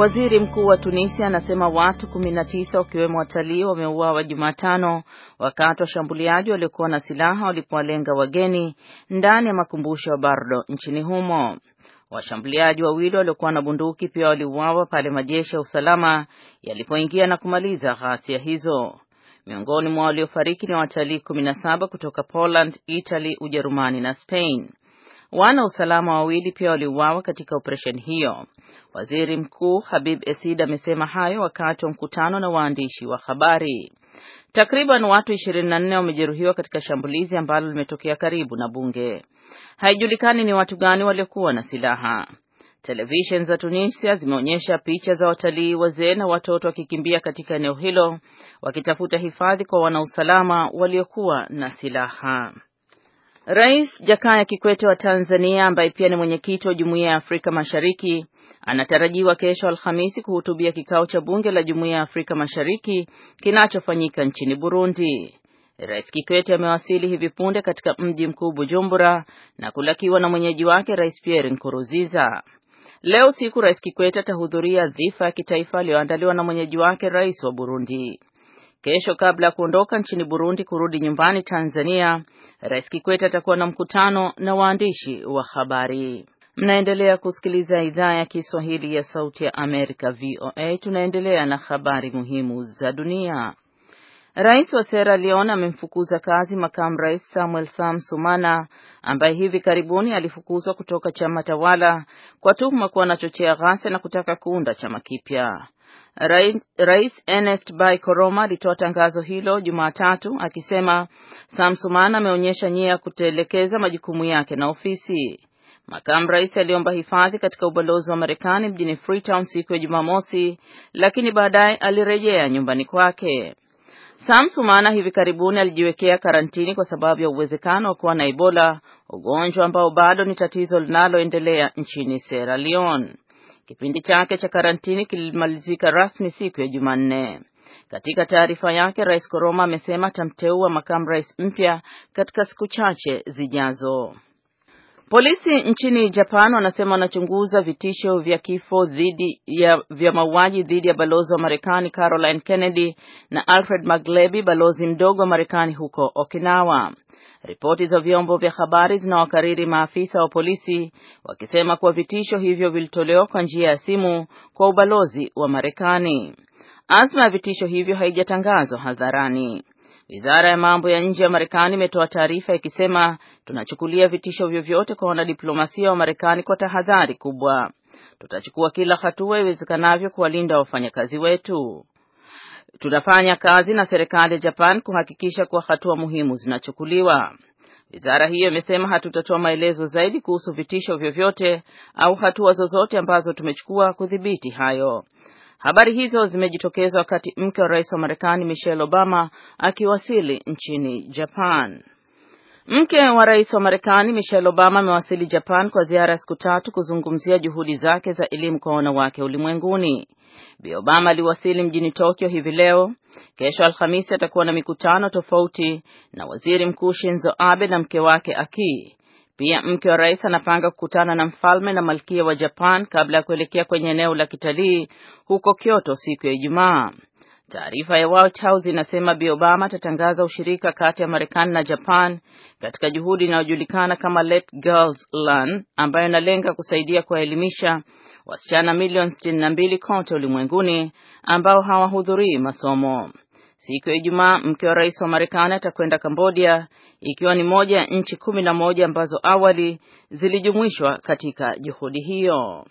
Waziri Mkuu wa Tunisia anasema watu 19 wakiwemo watalii wameuawa Jumatano wakati washambuliaji waliokuwa na silaha walipowalenga wageni ndani ya makumbusho ya Bardo nchini humo. Washambuliaji wawili waliokuwa na bunduki pia waliuawa pale majeshi ya usalama yalipoingia na kumaliza ghasia hizo. Miongoni mwa waliofariki ni watalii 17 kutoka Poland, Italy, Ujerumani na Spain. Wana usalama wawili pia waliuawa katika operesheni hiyo. Waziri Mkuu Habib Esid amesema hayo wakati wa mkutano na waandishi wa habari. Takriban watu 24 wamejeruhiwa katika shambulizi ambalo limetokea karibu na bunge. Haijulikani ni watu gani waliokuwa na silaha. Televishen za Tunisia zimeonyesha picha za watalii wazee na watoto wakikimbia katika eneo hilo wakitafuta hifadhi kwa wanausalama waliokuwa na silaha. Rais Jakaya Kikwete wa Tanzania ambaye pia ni mwenyekiti wa Jumuiya ya Afrika Mashariki anatarajiwa kesho Alhamisi kuhutubia kikao cha bunge la Jumuiya ya Afrika Mashariki kinachofanyika nchini Burundi. Rais Kikwete amewasili hivi punde katika mji mkuu Bujumbura na kulakiwa na mwenyeji wake Rais Pierre Nkurunziza. Leo siku Rais Kikwete atahudhuria dhifa ya kitaifa aliyoandaliwa na mwenyeji wake Rais wa Burundi. Kesho kabla ya kuondoka nchini Burundi kurudi nyumbani Tanzania, Rais Kikwete atakuwa na mkutano na waandishi wa habari. Mnaendelea kusikiliza idhaa ya Kiswahili ya Sauti ya Amerika, VOA. Tunaendelea na habari muhimu za dunia. Rais wa Sierra Leone amemfukuza kazi makamu rais Samuel Sam Sumana ambaye hivi karibuni alifukuzwa kutoka chama tawala kwa tuhuma kuwa anachochea ghasia na kutaka kuunda chama kipya. Rais, Rais Ernest Bai Koroma alitoa tangazo hilo Jumatatu akisema sumana ameonyesha nia ya kutelekeza majukumu yake na ofisi. Makamu rais aliomba hifadhi katika ubalozi wa Marekani mjini Freetown siku ya Jumamosi, lakini baadaye alirejea nyumbani kwake. sam sumana hivi karibuni alijiwekea karantini kwa sababu ya uwezekano wa kuwa na Ebola, ugonjwa ambao bado ni tatizo linaloendelea nchini Sierra Leone. Kipindi chake cha karantini kilimalizika rasmi siku ya Jumanne. Katika taarifa yake, Rais Koroma amesema atamteua makamu rais mpya katika siku chache zijazo. Polisi nchini Japan wanasema wanachunguza vitisho vya kifo dhidi ya vya mauaji dhidi ya balozi wa Marekani Caroline Kennedy na Alfred Maglebi, balozi mdogo wa Marekani huko Okinawa. Ripoti za vyombo vya habari zinawakariri maafisa wa polisi wakisema kuwa vitisho hivyo vilitolewa kwa njia ya simu kwa ubalozi wa Marekani. Azma ya vitisho hivyo haijatangazwa hadharani. Wizara ya mambo ya nje ya Marekani imetoa taarifa ikisema, tunachukulia vitisho vyovyote kwa wanadiplomasia wa Marekani kwa tahadhari kubwa. Tutachukua kila hatua iwezekanavyo kuwalinda wafanyakazi wetu. Tunafanya kazi na serikali ya Japan kuhakikisha kuwa hatua muhimu zinachukuliwa. Wizara hiyo imesema hatutatoa maelezo zaidi kuhusu vitisho vyovyote au hatua zozote ambazo tumechukua kudhibiti hayo. Habari hizo zimejitokeza wakati mke wa rais wa Marekani Michelle Obama akiwasili nchini Japan. Mke wa rais wa Marekani Michelle Obama amewasili Japan kwa ziara ya siku tatu kuzungumzia juhudi zake za elimu kwa wanawake ulimwenguni. Bi Obama aliwasili mjini Tokyo hivi leo. Kesho Alhamisi atakuwa na mikutano tofauti na Waziri Mkuu Shinzo Abe na mke wake Aki. Pia mke wa rais anapanga kukutana na mfalme na malkia wa Japan kabla ya kuelekea kwenye eneo la kitalii huko Kyoto siku ya Ijumaa. Taarifa ya White House inasema Bi Obama atatangaza ushirika kati ya Marekani na Japan katika juhudi inayojulikana kama Let Girls Learn ambayo inalenga kusaidia kuwaelimisha wasichana milioni sitini na mbili kote ulimwenguni ambao hawahudhurii masomo. Siku ya Ijumaa, mke wa rais wa Marekani atakwenda Kambodia, ikiwa ni moja ya nchi kumi na moja ambazo awali zilijumuishwa katika juhudi hiyo.